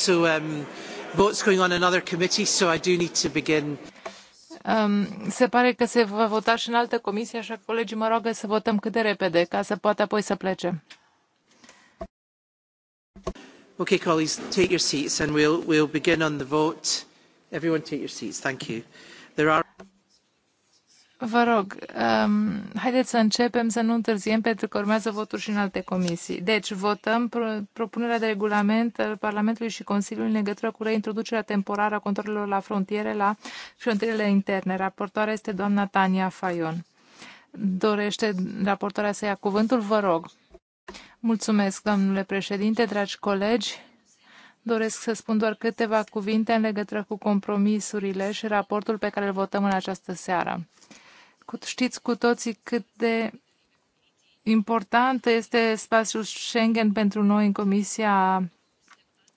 also um, votes going on in other committees, so I do need to begin. Um, se pare că se va vota și în altă comisie, așa că colegii mă roagă să votăm cât de repede, ca să poată apoi să plece. Okay, colleagues, take your seats and we'll, we'll begin on the vote. Everyone take your seats. Thank you. There are... Vă rog, um, haideți să începem să nu întârziem pentru că urmează voturi și în alte comisii. Deci, votăm pro propunerea de regulament al Parlamentului și Consiliului în legătură cu reintroducerea temporară a controlelor la frontiere, la frontierele interne. Raportoarea este doamna Tania Fayon. Dorește raportoarea să ia cuvântul? Vă rog. Mulțumesc, domnule președinte, dragi colegi. Doresc să spun doar câteva cuvinte în legătură cu compromisurile și raportul pe care îl votăm în această seară. Știți cu toții cât de important este spațiul Schengen pentru noi în Comisia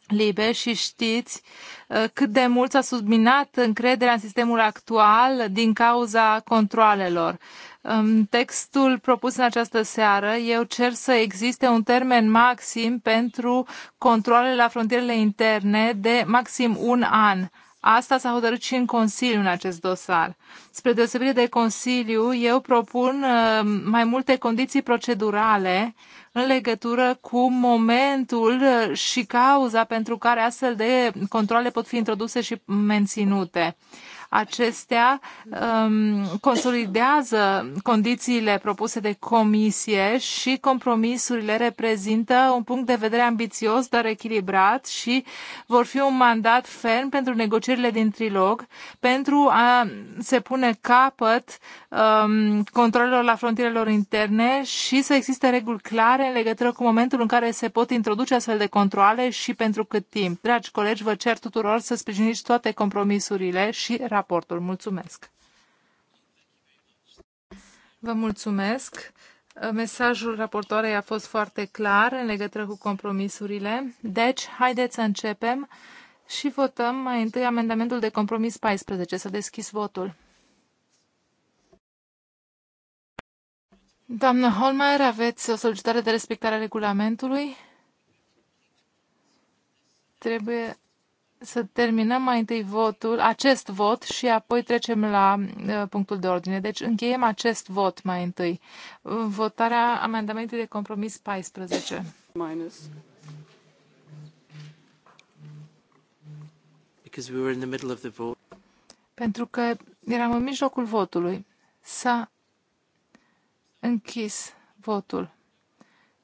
Libe și știți uh, cât de mult s-a subminat încrederea în sistemul actual din cauza controalelor. În um, textul propus în această seară, eu cer să existe un termen maxim pentru controlele la frontierele interne de maxim un an Asta s-a hotărât și în Consiliu în acest dosar. Spre deosebire de Consiliu, eu propun uh, mai multe condiții procedurale în legătură cu momentul uh, și cauza pentru care astfel de controle pot fi introduse și menținute. Acestea um, consolidează condițiile propuse de comisie și compromisurile reprezintă un punct de vedere ambițios, dar echilibrat și vor fi un mandat ferm pentru negocierile din trilog pentru a se pune capăt um, controlelor la frontierelor interne și să existe reguli clare în legătură cu momentul în care se pot introduce astfel de controle și pentru cât timp. Dragi colegi, vă cer tuturor să sprijiniți toate compromisurile și raportul raportul. Mulțumesc! Vă mulțumesc! Mesajul raportoarei a fost foarte clar în legătură cu compromisurile. Deci, haideți să începem și votăm mai întâi amendamentul de compromis 14. Să deschis votul. Doamnă Holmer, aveți o solicitare de respectare a regulamentului? Trebuie să terminăm mai întâi votul, acest vot și apoi trecem la uh, punctul de ordine. Deci încheiem acest vot mai întâi. Votarea amendamentului de compromis 14. Minus. Because we were in the middle of the vote. Pentru că eram în mijlocul votului. S-a închis votul.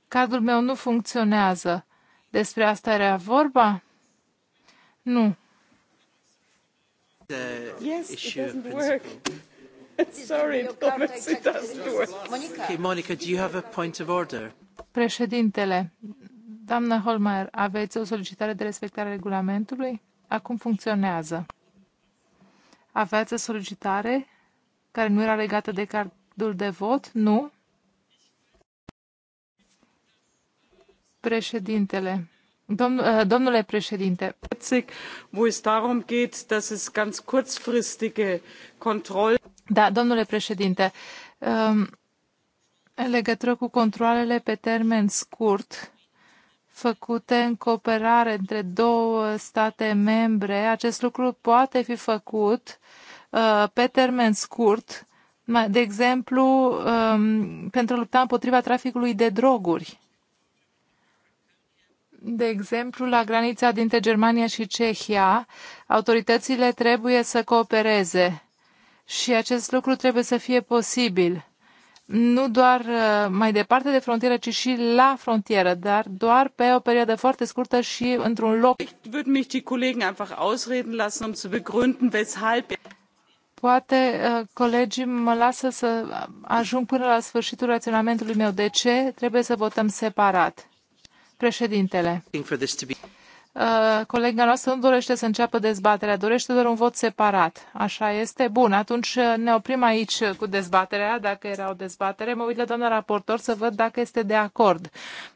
Cardul meu nu funcționează. Despre asta era vorba? Nu. Yes, it doesn't work. Sorry, Thomas, it doesn't work. Okay, Monica, do you have a point of order? Președintele, doamna Holmeier, aveți o solicitare de respectare a regulamentului? Acum funcționează. Aveați o solicitare care nu era legată de cardul de vot? Nu. Președintele, Uh, domnule președinte. Wo es darum geht, dass es ganz kurzfristige Kontrollen. Da, domnule președinte. Um, în legătură cu controalele pe termen scurt, făcute în cooperare între două state membre. Acest lucru poate fi făcut uh, pe termen scurt, de exemplu, um, pentru a lupta împotriva traficului de droguri de exemplu, la granița dintre Germania și Cehia, autoritățile trebuie să coopereze și acest lucru trebuie să fie posibil. Nu doar uh, mai departe de frontieră, ci și la frontieră, dar doar pe o perioadă foarte scurtă și într-un loc. Um poate uh, colegii mă lasă să ajung până la sfârșitul raționamentului meu. De ce trebuie să votăm separat? Președintele. Uh, colega noastră nu dorește să înceapă dezbaterea, dorește doar un vot separat. Așa este? Bun, atunci uh, ne oprim aici uh, cu dezbaterea, dacă era o dezbatere. Mă uit la doamna raportor să văd dacă este de acord.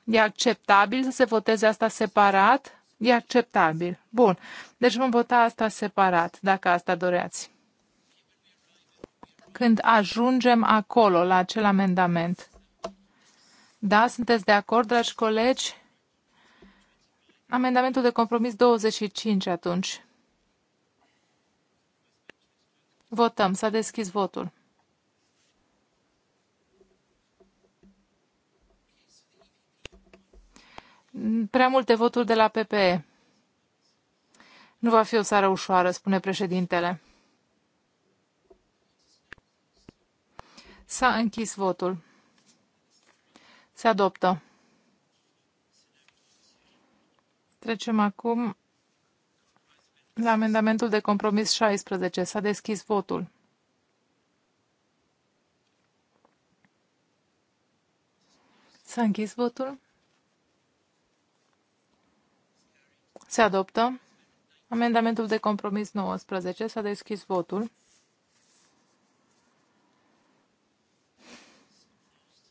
E acceptabil să se voteze asta separat? E acceptabil. Bun. Deci vom vota asta separat, dacă asta doreați. Când ajungem acolo, la acel amendament. Da, sunteți de acord, dragi colegi? Amendamentul de compromis 25 atunci. Votăm. S-a deschis votul. Prea multe voturi de la PPE. Nu va fi o țară ușoară, spune președintele. S-a închis votul. Se adoptă. Trecem acum la amendamentul de compromis 16. S-a deschis votul. S-a închis votul. Se adoptă. Amendamentul de compromis 19. S-a deschis votul.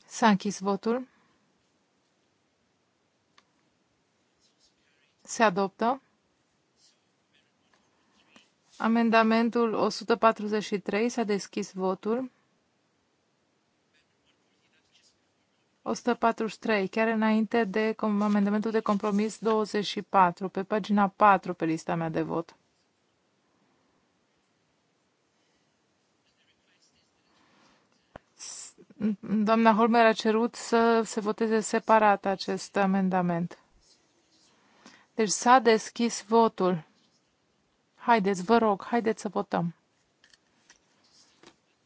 S-a închis votul. Se adoptă. Amendamentul 143. S-a deschis votul. 143, chiar înainte de amendamentul de compromis 24, pe pagina 4 pe lista mea de vot. Doamna Holmer a cerut să se voteze separat acest amendament. Deci s-a deschis votul. Haideți, vă rog, haideți să votăm.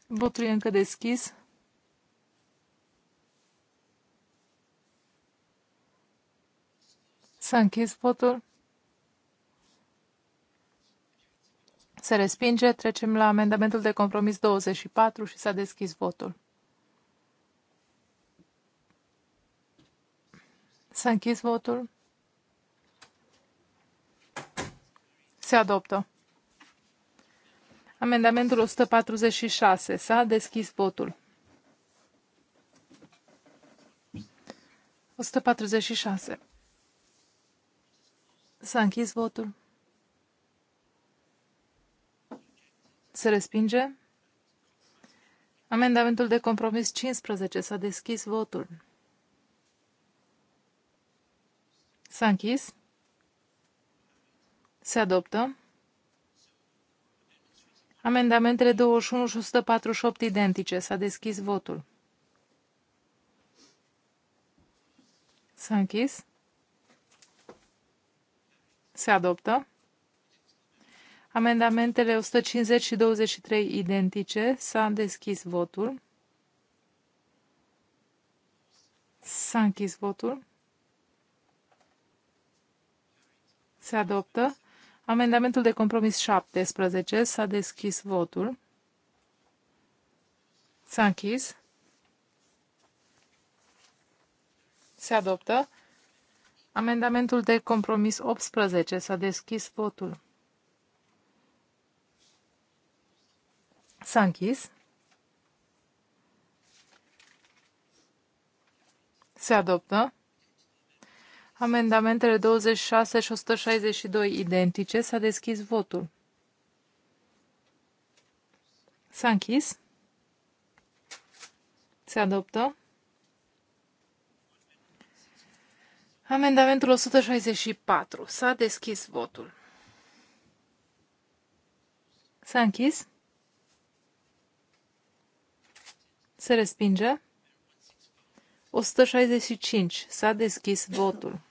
Votul e încă deschis. S-a închis votul. Se respinge. Trecem la amendamentul de compromis 24 și s-a deschis votul. S-a închis votul. Se adoptă. Amendamentul 146. S-a deschis votul. 146. S-a închis votul. Se respinge. Amendamentul de compromis 15. S-a deschis votul. S-a închis. Se adoptă. Amendamentele 21 și 148 identice. S-a deschis votul. S-a închis. Se adoptă. Amendamentele 150 și 23 identice. S-a deschis votul. S-a închis votul. Se adoptă. Amendamentul de compromis 17. S-a deschis votul. S-a închis. Se adoptă. Amendamentul de compromis 18. S-a deschis votul. S-a închis. Se adoptă. Amendamentele 26 și 162 identice. S-a deschis votul. S-a închis. Se adoptă. Amendamentul 164. S-a deschis votul. S-a închis. Se respinge. 165. S-a deschis votul.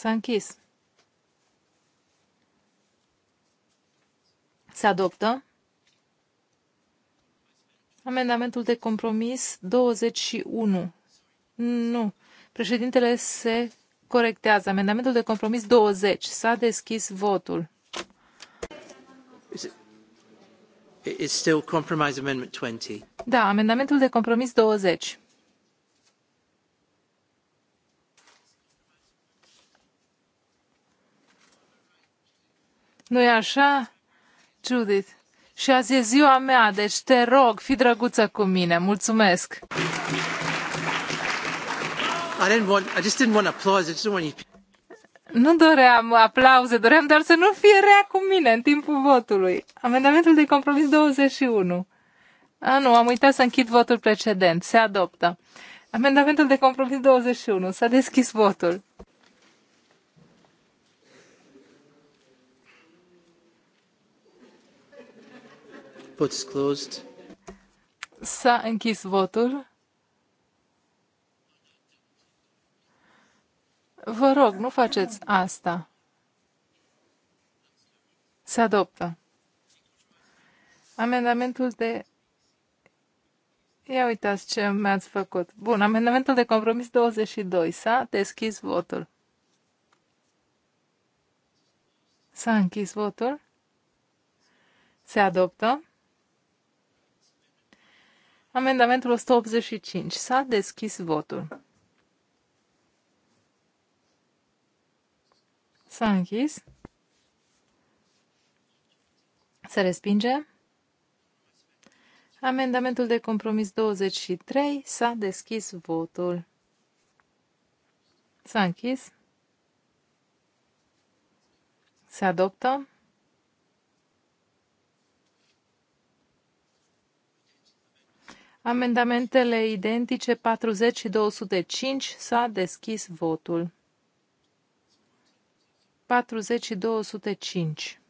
S-a închis. Se adoptă. Amendamentul de compromis 21. Nu. Președintele se corectează. Amendamentul de compromis 20. S-a deschis votul. It's still compromise amendment 20. Da, amendamentul de compromis 20. Nu-i așa, Judith? Și azi e ziua mea, deci te rog, fi drăguță cu mine. Mulțumesc! I didn't want, I just didn't want applause. I just didn't want Nu doream aplauze, doream doar să nu fie rea cu mine în timpul votului. Amendamentul de compromis 21. A, nu, am uitat să închid votul precedent. Se adoptă. Amendamentul de compromis 21. S-a deschis votul. Vote's closed. S-a închis votul. Vă rog, nu faceți asta. Se adoptă. Amendamentul de... Ia uitați ce mi-ați făcut. Bun, amendamentul de compromis 22. S-a deschis votul. S-a închis votul. Se adoptă. Amendamentul 185. S-a deschis votul. S-a închis. Se respinge. Amendamentul de compromis 23. S-a deschis votul. S-a închis. Se adoptă. Amendamentele identice 40 și 205 s-a deschis votul. 40 și 205.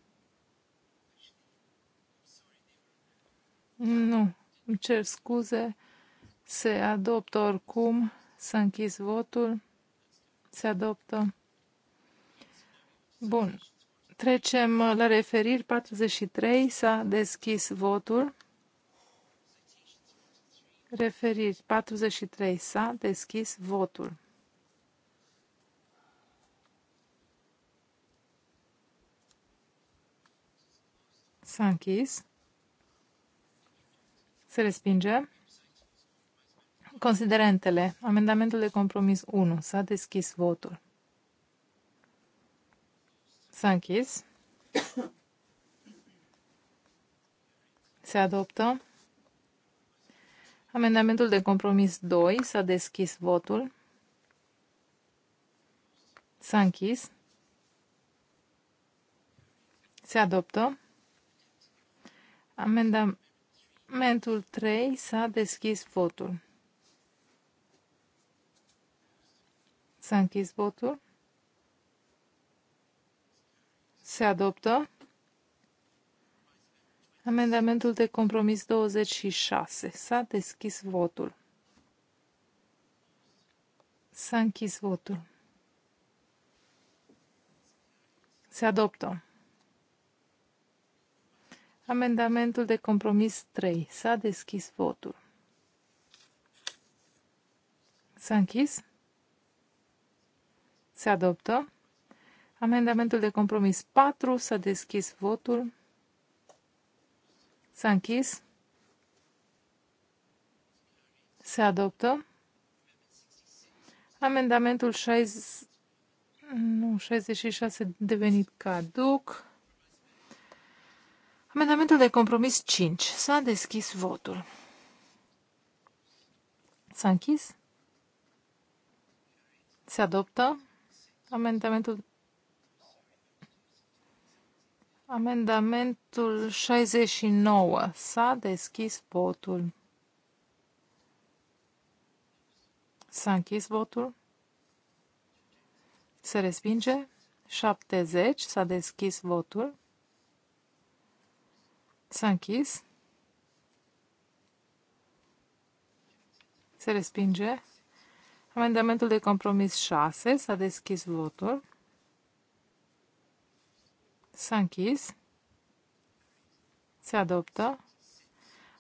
Nu, îmi cer scuze. Se adoptă oricum. S-a închis votul. Se adoptă. Bun. Trecem la referiri 43. S-a deschis votul. Referiri 43. S-a deschis votul. S-a închis. Se respinge. Considerentele. Amendamentul de compromis 1. S-a deschis votul. S-a închis. Se adoptă. Amendamentul de compromis 2. S-a deschis votul. S-a închis. Se adoptă. Amendamentul 3. S-a deschis votul. S-a închis votul. Se adoptă. Amendamentul de compromis 26. S-a deschis votul. S-a închis votul. Se adoptă. Amendamentul de compromis 3. S-a deschis votul. S-a închis. Se adoptă. Amendamentul de compromis 4. S-a deschis votul. S-a închis. Se adoptă. Amendamentul 6, nu, 66 devenit caduc. Amendamentul de compromis 5. S-a deschis votul. S-a închis. Se adoptă. Amendamentul Amendamentul 69. S-a deschis votul. S-a închis votul. Se respinge. 70. S-a deschis votul. S-a închis. Se respinge. Amendamentul de compromis 6. S-a deschis votul. S-a închis. Se adoptă.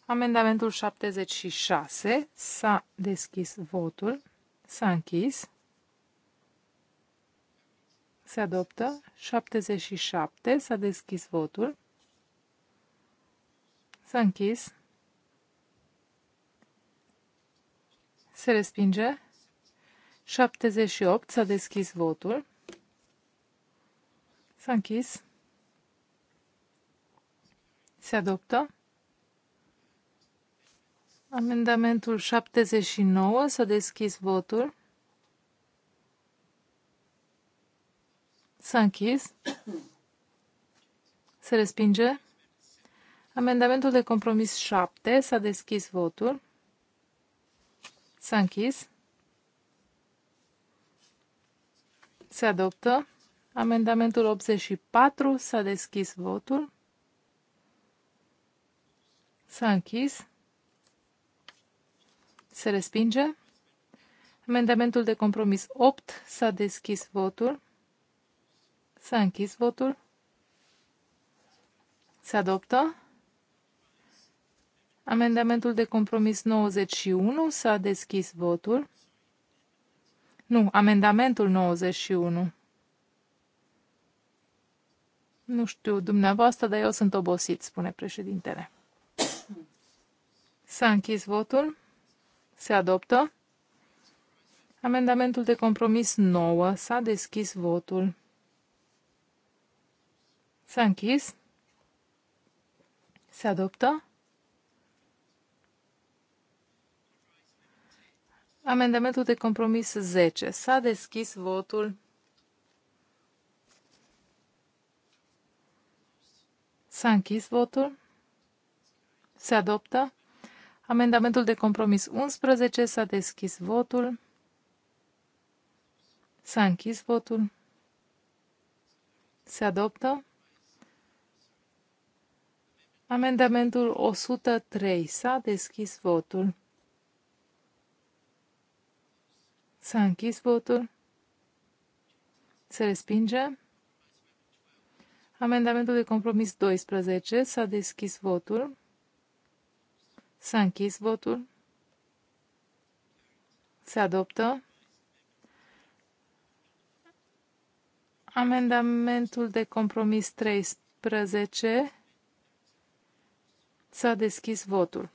Amendamentul 76. S-a deschis votul. S-a închis. Se adoptă. 77. S-a deschis votul. S-a închis. Se respinge. 78. S-a deschis votul. S-a închis. Se adoptă. Amendamentul 79. S-a deschis votul. S-a închis. Se respinge. Amendamentul de compromis 7. S-a deschis votul. S-a închis. Se adoptă. Amendamentul 84. S-a deschis votul. S-a închis. Se respinge. Amendamentul de compromis 8. S-a deschis votul. S-a închis votul. Se adoptă. Amendamentul de compromis 91. S-a deschis votul. Nu, amendamentul 91. Nu știu dumneavoastră, dar eu sunt obosit, spune președintele. S-a închis votul. Se adoptă. Amendamentul de compromis 9. S-a deschis votul. S-a închis. Se adoptă. Amendamentul de compromis 10. S-a deschis votul. S-a închis votul. Se adoptă. Amendamentul de compromis 11 s-a deschis votul. S-a închis votul. Se adoptă. Amendamentul 103 s-a deschis votul. S-a închis votul. Se respinge. Amendamentul de compromis 12 s-a deschis votul. S-a închis votul. Se adoptă. Amendamentul de compromis 13. S-a deschis votul.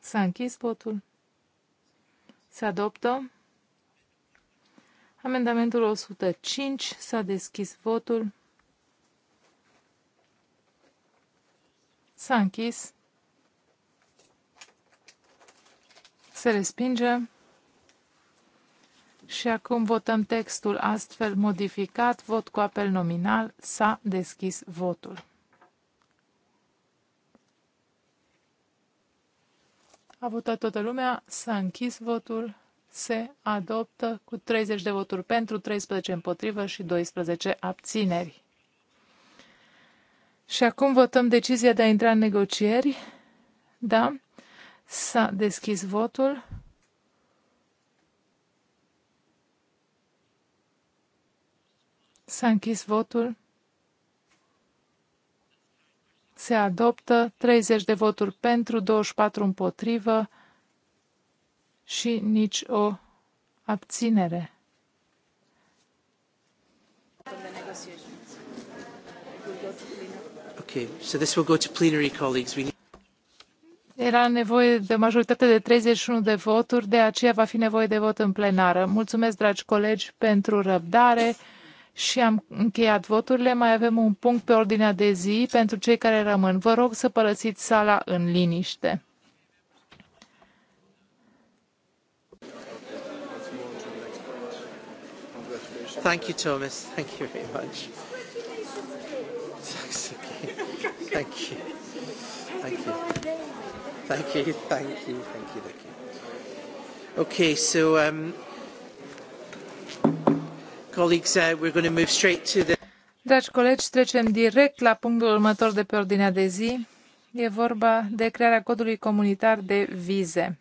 S-a închis votul. Se adoptă. Amendamentul 105. S-a deschis votul. S-a închis. Se respinge. Și acum votăm textul astfel modificat. Vot cu apel nominal. S-a deschis votul. A votat toată lumea, s-a închis votul, se adoptă cu 30 de voturi pentru, 13 împotrivă și 12 abțineri. Și acum votăm decizia de a intra în negocieri. Da? S-a deschis votul. S-a închis votul. Se adoptă 30 de voturi pentru, 24 împotrivă și nici o abținere. Era nevoie de majoritate de 31 de voturi, de aceea va fi nevoie de vot în plenară. Mulțumesc, dragi colegi, pentru răbdare și am încheiat voturile. Mai avem un punct pe ordinea de zi pentru cei care rămân. Vă rog să părăsiți sala în liniște. Thank you, Thomas. Thank you very much. Thank you. Thank you. Thank you. Thank you. Thank you. Thank you. Okay, so um, colleagues, uh, we're going to move straight to the. Dragi colegi, trecem direct la punctul următor de pe ordinea de zi. E vorba de crearea codului comunitar de vize.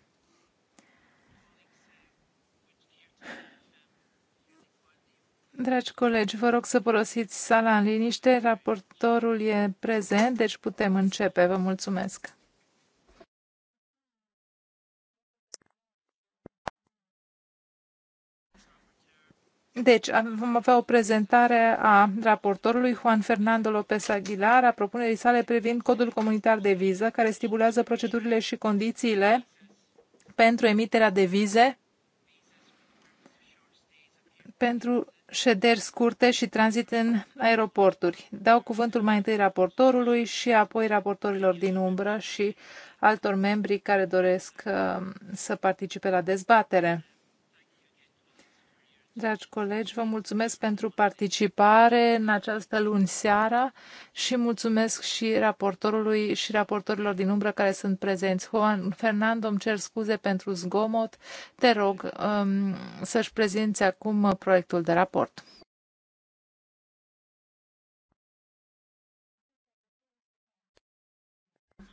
Dragi colegi, vă rog să folosiți sala în liniște. Raportorul e prezent, deci putem începe. Vă mulțumesc. Deci, vom avea o prezentare a raportorului Juan Fernando López Aguilar a propunerii sale privind codul comunitar de viză, care stipulează procedurile și condițiile pentru emiterea de vize pentru șederi scurte și tranzit în aeroporturi. Dau cuvântul mai întâi raportorului și apoi raportorilor din umbră și altor membri care doresc uh, să participe la dezbatere. Dragi colegi, vă mulțumesc pentru participare în această luni seara și mulțumesc și raportorului și raportorilor din umbră care sunt prezenți. Juan Fernando, îmi cer scuze pentru zgomot. Te rog um, să-și prezinți acum proiectul de raport.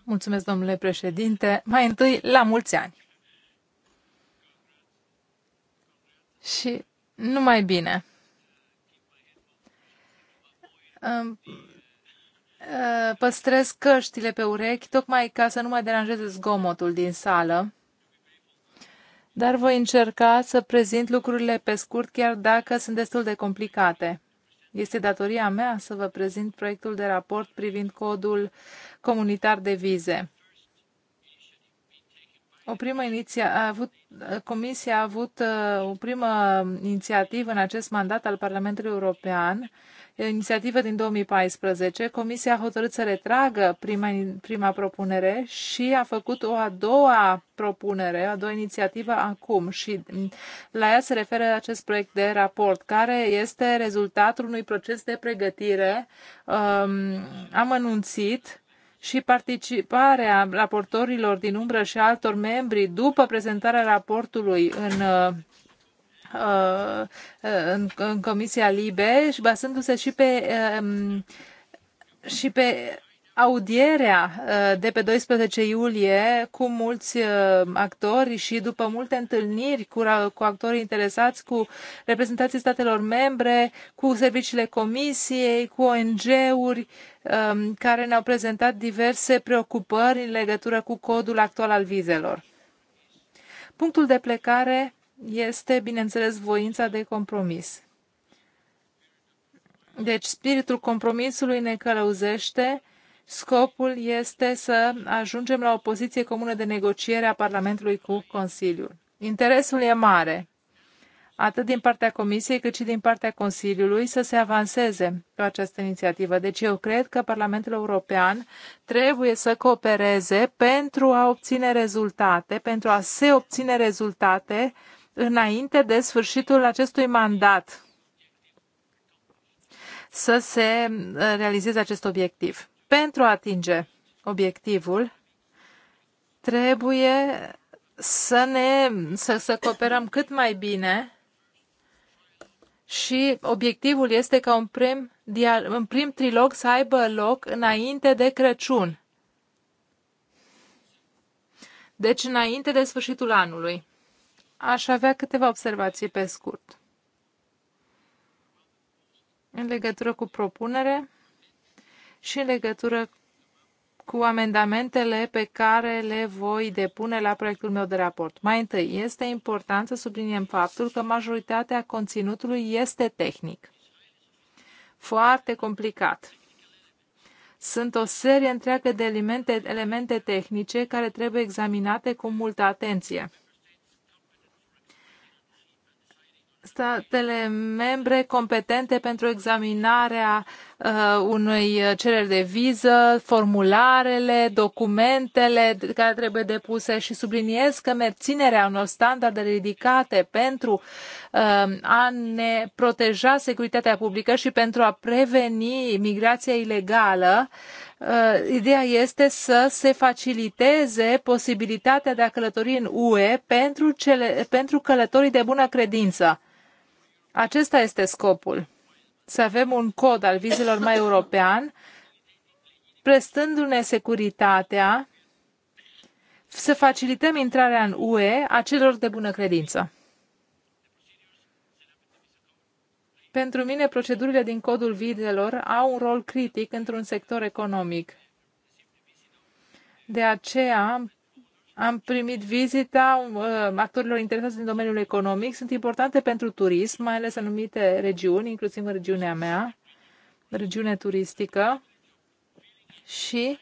Mulțumesc, domnule președinte. Mai întâi, la mulți ani! Și nu mai bine. Uh, păstrez căștile pe urechi, tocmai ca să nu mai deranjeze zgomotul din sală dar voi încerca să prezint lucrurile pe scurt, chiar dacă sunt destul de complicate. Este datoria mea să vă prezint proiectul de raport privind codul comunitar de vize o primă iniția, a avut, Comisia a avut uh, o primă inițiativă în acest mandat al Parlamentului European, inițiativă din 2014. Comisia a hotărât să retragă prima, prima propunere și a făcut o a doua propunere, a doua inițiativă acum și la ea se referă acest proiect de raport, care este rezultatul unui proces de pregătire um, amănunțit și participarea raportorilor din umbră și altor membri după prezentarea raportului în uh, uh, în, în Comisia Libe și bazându-se și pe um, și pe audierea uh, de pe 12 iulie cu mulți uh, actori și după multe întâlniri cu, cu actorii interesați, cu reprezentanții statelor membre, cu serviciile comisiei, cu ONG-uri um, care ne-au prezentat diverse preocupări în legătură cu codul actual al vizelor. Punctul de plecare este, bineînțeles, voința de compromis. Deci, spiritul compromisului ne călăuzește Scopul este să ajungem la o poziție comună de negociere a Parlamentului cu Consiliul. Interesul e mare, atât din partea Comisiei cât și din partea Consiliului, să se avanseze pe această inițiativă. Deci eu cred că Parlamentul European trebuie să coopereze pentru a obține rezultate, pentru a se obține rezultate înainte de sfârșitul acestui mandat să se realizeze acest obiectiv pentru a atinge obiectivul, trebuie să ne să, să cooperăm cât mai bine și obiectivul este ca un prim, un prim trilog să aibă loc înainte de Crăciun. Deci înainte de sfârșitul anului. Aș avea câteva observații pe scurt. În legătură cu propunere, și în legătură cu amendamentele pe care le voi depune la proiectul meu de raport. Mai întâi, este important să subliniem faptul că majoritatea conținutului este tehnic. Foarte complicat. Sunt o serie întreagă de elemente, elemente tehnice care trebuie examinate cu multă atenție. statele membre competente pentru examinarea uh, unui uh, cereri de viză, formularele, documentele care trebuie depuse și subliniez că menținerea unor standarde ridicate pentru uh, a ne proteja securitatea publică și pentru a preveni migrația ilegală uh, ideea este să se faciliteze posibilitatea de a călători în UE pentru, cele, pentru călătorii de bună credință. Acesta este scopul, să avem un cod al vizelor mai european, prestându-ne securitatea, să facilităm intrarea în UE a celor de bună credință. Pentru mine, procedurile din codul vizelor au un rol critic într-un sector economic. De aceea, am primit vizita uh, actorilor interesați din domeniul economic. Sunt importante pentru turism, mai ales anumite regiuni, inclusiv în regiunea mea, regiune turistică. Și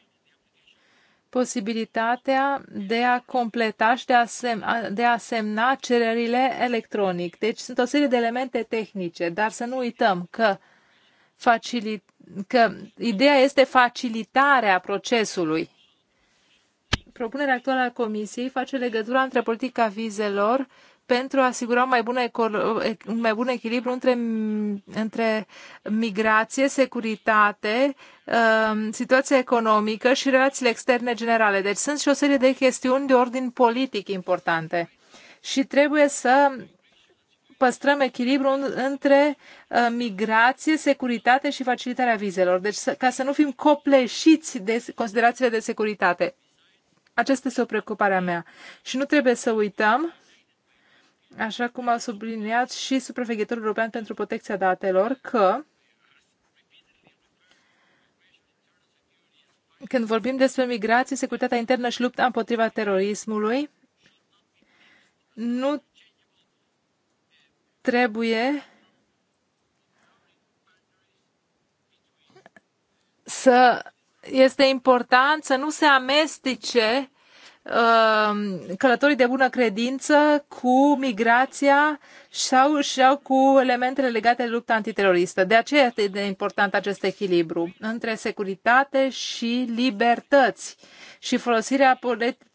posibilitatea de a completa și de a, sem- de a semna cererile electronic. Deci sunt o serie de elemente tehnice, dar să nu uităm că, că ideea este facilitarea procesului propunerea actuală a Comisiei face legătura între politica vizelor pentru a asigura mai bun un mai bun echilibru între, între migrație, securitate, um, situația economică și relațiile externe generale. Deci sunt și o serie de chestiuni de ordin politic importante. Și trebuie să păstrăm echilibru între uh, migrație, securitate și facilitarea vizelor. Deci ca să nu fim copleșiți de considerațiile de securitate. Aceasta este o preocupare a mea. Și nu trebuie să uităm, așa cum a subliniat și supraveghetorul european pentru protecția datelor, că când vorbim despre migrație, securitatea internă și lupta împotriva terorismului, nu trebuie să este important să nu se amestece um, călătorii de bună credință cu migrația sau, sau cu elementele legate de lupta antiteroristă. De aceea este de important acest echilibru între securitate și libertăți și folosirea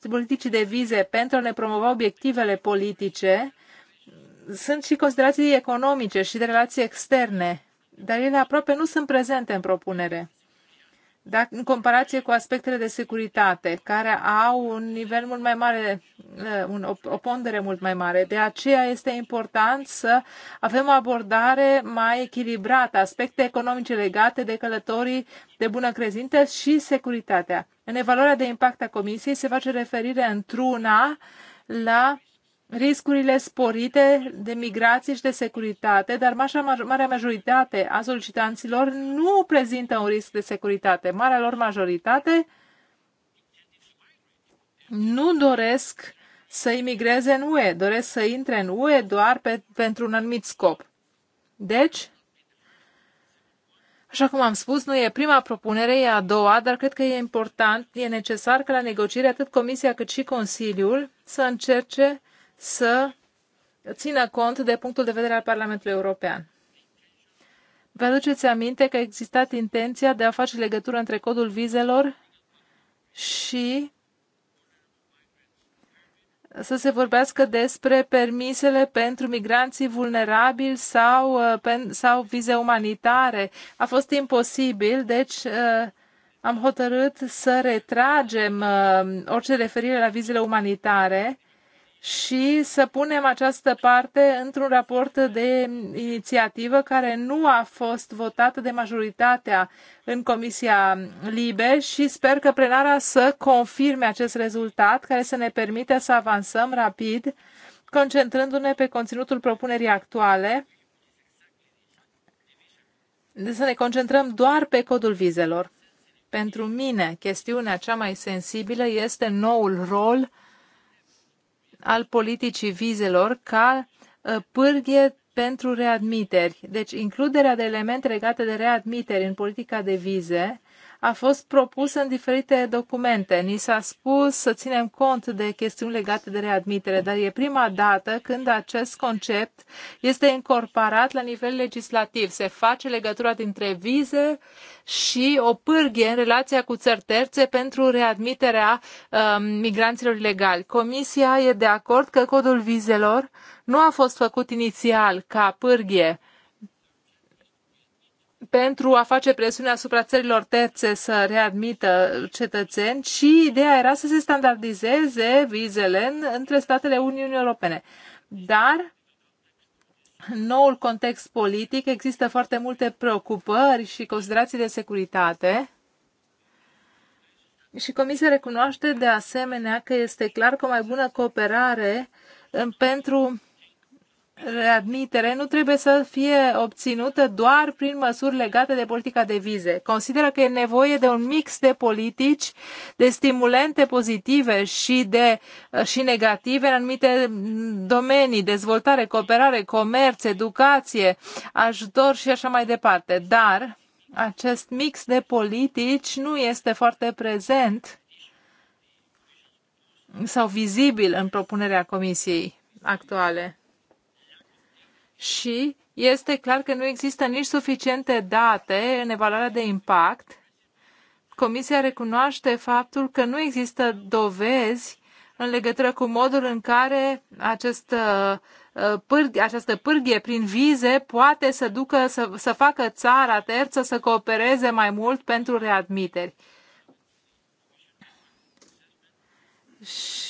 politicii de vize pentru a ne promova obiectivele politice sunt și considerații economice și de relații externe, dar ele aproape nu sunt prezente în propunere dacă, în comparație cu aspectele de securitate, care au un nivel mult mai mare, uh, un, o, o pondere mult mai mare. De aceea este important să avem o abordare mai echilibrată, aspecte economice legate de călătorii de bună crezință și securitatea. În evaluarea de impact a Comisiei se face referire într-una la riscurile sporite de migrație și de securitate, dar marea majoritate a solicitanților nu prezintă un risc de securitate. Marea lor majoritate nu doresc să imigreze în UE, doresc să intre în UE doar pe, pentru un anumit scop. Deci, Așa cum am spus, nu e prima propunere, e a doua, dar cred că e important, e necesar că la negociere atât Comisia cât și Consiliul să încerce să țină cont de punctul de vedere al Parlamentului European. Vă aduceți aminte că a existat intenția de a face legătură între codul vizelor și să se vorbească despre permisele pentru migranții vulnerabili sau, uh, sau vize umanitare. A fost imposibil, deci uh, am hotărât să retragem uh, orice referire la vizele umanitare și să punem această parte într-un raport de inițiativă care nu a fost votată de majoritatea în Comisia Libe și sper că plenara să confirme acest rezultat care să ne permite să avansăm rapid, concentrându-ne pe conținutul propunerii actuale, de să ne concentrăm doar pe codul vizelor. Pentru mine, chestiunea cea mai sensibilă este noul rol al politicii vizelor ca ă, pârghie pentru readmiteri. Deci includerea de elemente legate de readmiteri în politica de vize a fost propus în diferite documente. Ni s-a spus să ținem cont de chestiuni legate de readmitere, dar e prima dată când acest concept este incorporat la nivel legislativ. Se face legătura dintre vize și o pârghie în relația cu țări terțe pentru readmiterea um, migranților ilegali. Comisia e de acord că codul vizelor nu a fost făcut inițial ca pârghie pentru a face presiune asupra țărilor terțe să readmită cetățeni și ideea era să se standardizeze vizele între statele Uniunii Europene. Dar în noul context politic există foarte multe preocupări și considerații de securitate și Comisia recunoaște de asemenea că este clar că o mai bună cooperare um, pentru readmitere nu trebuie să fie obținută doar prin măsuri legate de politica de vize. Consideră că e nevoie de un mix de politici, de stimulente pozitive și, de, și negative în anumite domenii, dezvoltare, cooperare, comerț, educație, ajutor și așa mai departe. Dar acest mix de politici nu este foarte prezent sau vizibil în propunerea Comisiei actuale și este clar că nu există nici suficiente date în evaluarea de impact. Comisia recunoaște faptul că nu există dovezi în legătură cu modul în care acest, uh, uh, pârg, această pârghie prin vize poate să, ducă, să, să facă țara terță să coopereze mai mult pentru readmiteri.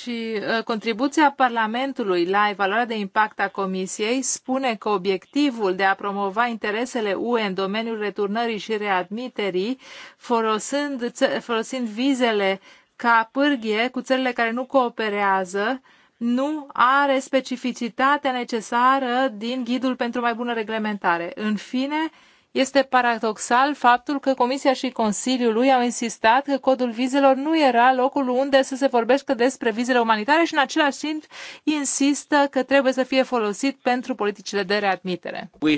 și uh, contribuția Parlamentului la evaluarea de impact a Comisiei spune că obiectivul de a promova interesele UE în domeniul returnării și readmiterii, folosind, folosind vizele ca pârghie cu țările care nu cooperează, nu are specificitatea necesară din ghidul pentru mai bună reglementare. În fine, este paradoxal faptul că Comisia și Consiliul lui au insistat că codul vizelor nu era locul unde să se vorbească despre vizele umanitare și în același timp insistă că trebuie să fie folosit pentru politicile de readmitere. We,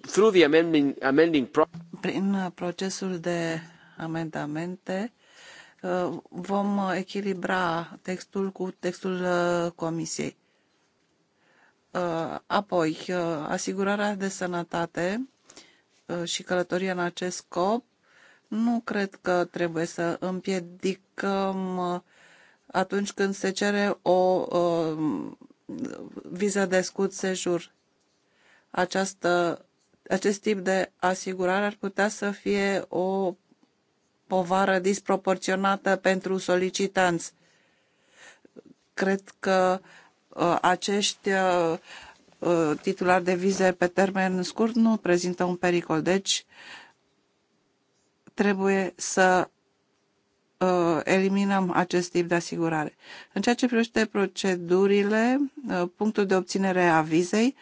through the amending, amending pro- Prin procesul de amendamente uh, vom echilibra textul cu textul uh, Comisiei. Uh, apoi, asigurarea de sănătate Uh, și călătoria în acest scop, nu cred că trebuie să împiedicăm uh, atunci când se cere o, uh, viză de scut sejur. Această, acest tip de asigurare ar putea să fie o povară disproporționată pentru solicitanți. Cred că uh, acești Uh, titular de vize pe termen scurt nu prezintă un pericol. Deci, trebuie să uh, eliminăm acest tip de asigurare. În ceea ce privește procedurile, uh, punctul de obținere a vizei,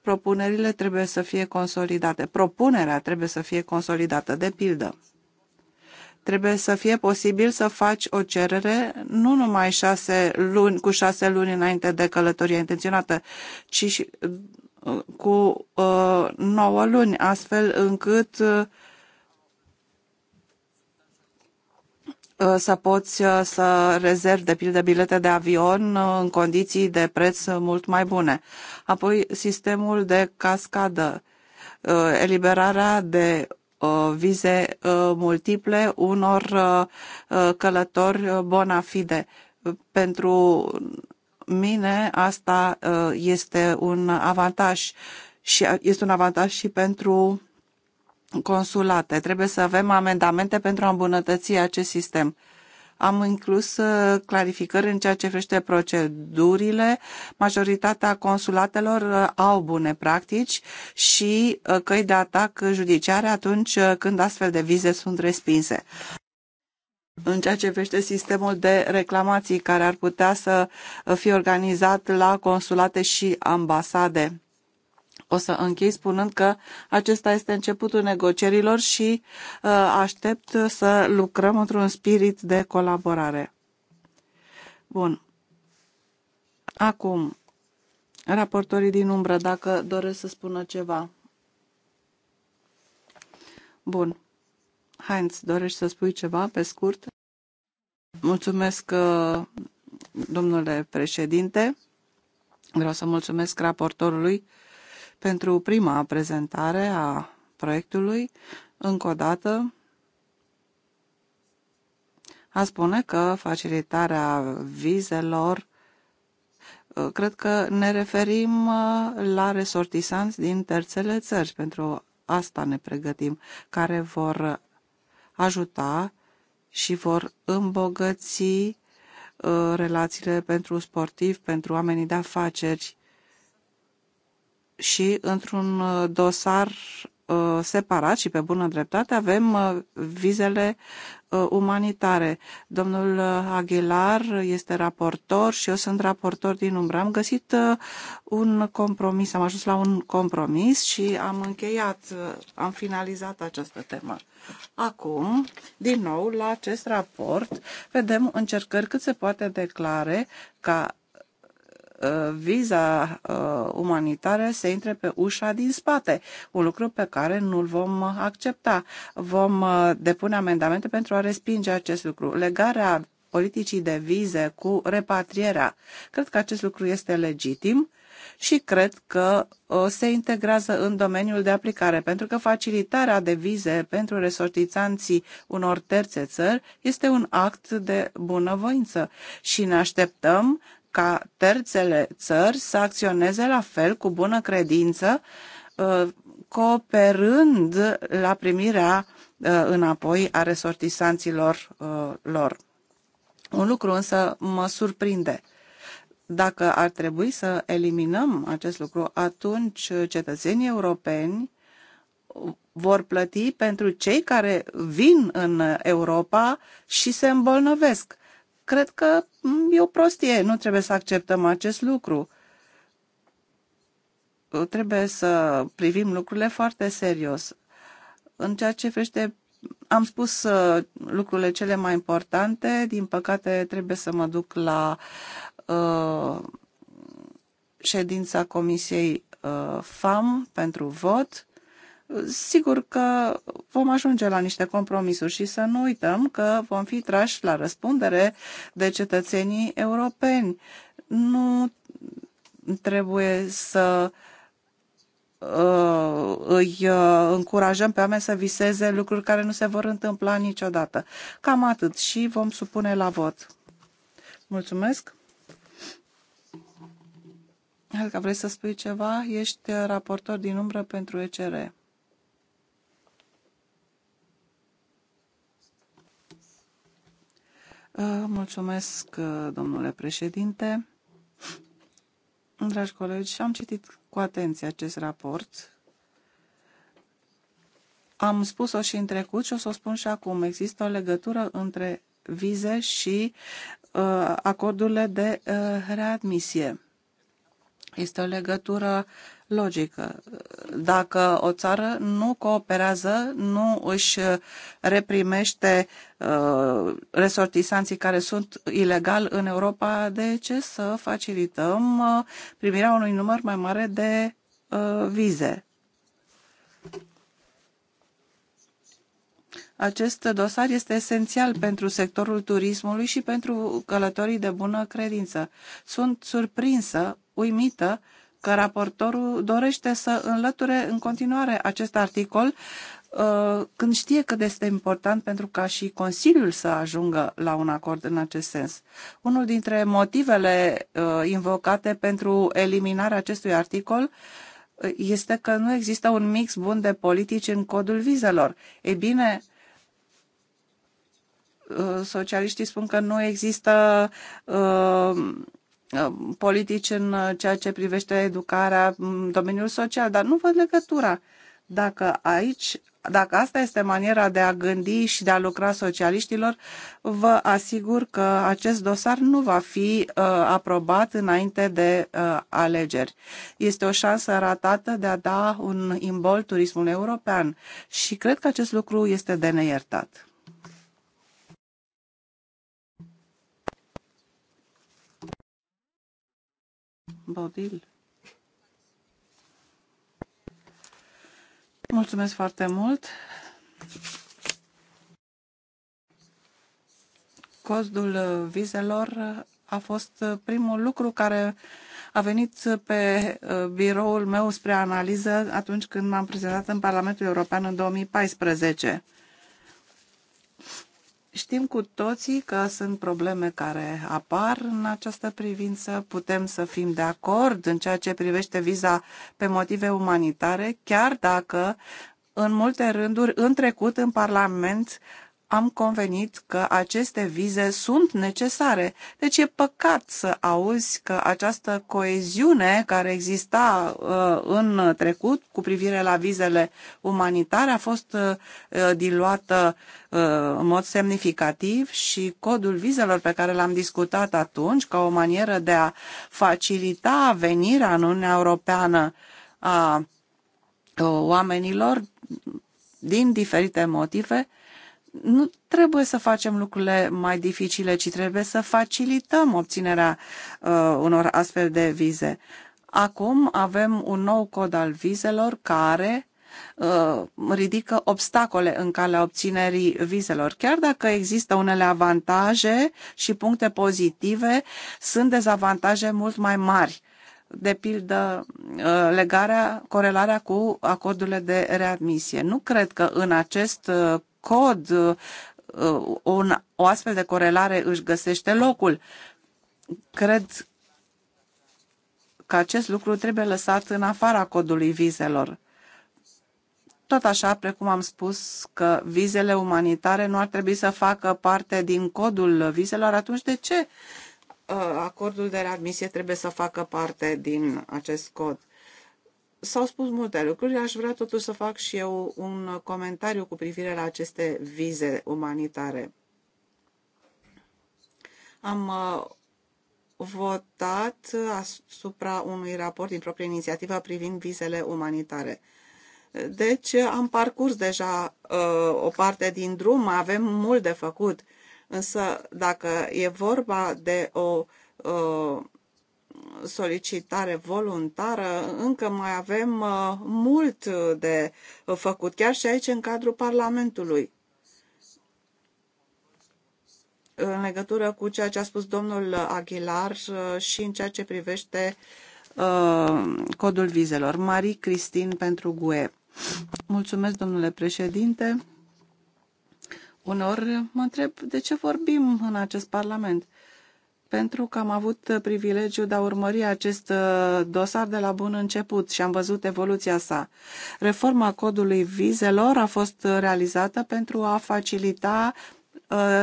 propunerile trebuie să fie consolidate. Propunerea trebuie să fie consolidată, de pildă. Trebuie să fie posibil să faci o cerere nu numai șase luni, cu șase luni înainte de călătoria intenționată, ci și uh, cu uh, nouă luni, astfel încât uh, să poți uh, să rezervi, de pildă, bilete de avion uh, în condiții de preț mult mai bune. Apoi, sistemul de cascadă, uh, eliberarea de Uh, vize uh, multiple unor uh, călători bona fide. Pentru mine asta este un avantaj și este un avantaj și pentru consulate. Trebuie să avem amendamente pentru a îmbunătăți acest sistem. Am inclus uh, clarificări în ceea ce privește procedurile. Majoritatea consulatelor uh, au bune practici și uh, căi de atac judiciare atunci când astfel de vize sunt respinse în ceea ce privește sistemul de reclamații care ar putea să fie organizat la consulate și ambasade. O să închei spunând că acesta este începutul negocierilor și uh, aștept să lucrăm într-un spirit de colaborare. Bun. Acum, raportorii din umbră, dacă doresc să spună ceva. Bun. Heinz, dorești să spui ceva pe scurt? Mulțumesc, uh, domnule președinte. Vreau să mulțumesc raportorului pentru prima prezentare a proiectului. Încă o dată, a spune că facilitarea vizelor uh, cred că ne referim uh, la resortisanți din terțele țări, pentru asta ne pregătim, care vor ajuta și vor îmbogăți uh, relațiile pentru sportivi, pentru oamenii de afaceri, și într-un uh, dosar uh, separat și pe bună dreptate avem uh, vizele umanitare. Domnul Aguilar este raportor și eu sunt raportor din umbră. Am găsit un compromis, am ajuns la un compromis și am încheiat, am finalizat această temă. Acum, din nou, la acest raport vedem încercări cât se poate declare ca Uh, viza uh, umanitară să intre pe ușa din spate, un lucru pe care nu-l vom accepta. Vom uh, depune amendamente pentru a respinge acest lucru. Legarea politicii de vize cu repatrierea. Cred că acest lucru este legitim și cred că se integrează în domeniul de aplicare, pentru că facilitarea de vize pentru resortițanții unor terțe țări este un act de bunăvoință și ne așteptăm ca terțele țări să acționeze la fel cu bună credință, uh, cooperând la primirea uh, înapoi a resortisanților uh, lor. Un lucru însă mă surprinde. Dacă ar trebui să eliminăm acest lucru, atunci cetățenii europeni vor plăti pentru cei care vin în Europa și se îmbolnăvesc. Cred că Mm, e o prostie, nu trebuie să acceptăm acest lucru. Trebuie să privim lucrurile foarte serios. În ceea ce privește am spus uh, lucrurile cele mai importante, din păcate trebuie să mă duc la uh, ședința Comisiei uh, FAM pentru vot sigur că vom ajunge la niște compromisuri și să nu uităm că vom fi trași la răspundere de cetățenii europeni. Nu trebuie să uh, îi uh, încurajăm pe oameni să viseze lucruri care nu se vor întâmpla niciodată. Cam atât și vom supune la vot. Mulțumesc! Helga, vrei să spui ceva? Ești raportor din umbră pentru ECR. Uh, mulțumesc, uh, domnule președinte. Dragi colegi, am citit cu atenție acest raport. Am spus-o și în trecut și o să o spun și acum. Există o legătură între vize și uh, acordurile de uh, readmisie. Este o legătură logică. Dacă o țară nu cooperează, nu își reprimește uh, resortisanții care sunt ilegal în Europa, de ce să facilităm uh, primirea unui număr mai mare de uh, vize? Acest dosar este esențial pentru sectorul turismului și pentru călătorii de bună credință. Sunt surprinsă, uimită, că raportorul dorește să înlăture în continuare acest articol uh, când știe cât este important pentru ca și Consiliul să ajungă la un acord în acest sens. Unul dintre motivele uh, invocate pentru eliminarea acestui articol uh, este că nu există un mix bun de politici în codul vizelor. Ei bine, Uh, socialiștii spun că nu există uh, uh, politici în ceea ce privește educarea în domeniul social, dar nu văd legătura. Dacă aici, dacă asta este maniera de a gândi și de a lucra socialiștilor, vă asigur că acest dosar nu va fi uh, aprobat înainte de uh, alegeri. Este o șansă ratată de a da un imbol turismului european și cred că acest lucru este de neiertat. Bodil. Mulțumesc foarte mult. Costul vizelor a fost primul lucru care a venit pe uh, biroul meu spre analiză atunci când m-am prezentat în Parlamentul European în 2014. Știm cu toții că sunt probleme care apar în această privință, putem să fim de acord în ceea ce privește viza pe motive umanitare, chiar dacă în multe rânduri în trecut în Parlament am convenit că aceste vize sunt necesare. Deci e păcat să auzi că această coeziune care exista uh, în trecut cu privire la vizele umanitare a fost uh, diluată uh, în mod semnificativ și codul vizelor pe care l-am discutat atunci ca o manieră de a facilita venirea în Uniunea Europeană a oamenilor din diferite motive nu trebuie să facem lucrurile mai dificile, ci trebuie să facilităm obținerea uh, unor astfel de vize. Acum avem un nou cod al vizelor care uh, ridică obstacole în calea obținerii vizelor. Chiar dacă există unele avantaje și puncte pozitive, sunt dezavantaje mult mai mari de pildă uh, legarea, corelarea cu acordurile de readmisie. Nu cred că în acest uh, cod uh, uh, un, o astfel de corelare își găsește locul. Cred că acest lucru trebuie lăsat în afara codului vizelor. Tot așa, precum am spus că vizele umanitare nu ar trebui să facă parte din codul vizelor, atunci de ce uh, acordul de readmisie trebuie să facă parte din acest cod? S-au spus multe lucruri, aș vrea totuși să fac și eu un comentariu cu privire la aceste vize umanitare. Am uh, votat asupra unui raport din proprie inițiativă privind vizele umanitare. Deci am parcurs deja uh, o parte din drum, avem mult de făcut, însă dacă e vorba de o uh, solicitare voluntară, încă mai avem uh, mult de făcut, chiar și aici în cadrul Parlamentului. În legătură cu ceea ce a spus domnul Aguilar uh, și în ceea ce privește uh, codul vizelor. Marie Cristin pentru GUE. Mulțumesc, domnule președinte. Unor mă întreb de ce vorbim în acest parlament pentru că am avut uh, privilegiul de a urmări acest uh, dosar de la bun început și am văzut evoluția sa. Reforma codului vizelor a fost uh, realizată pentru a facilita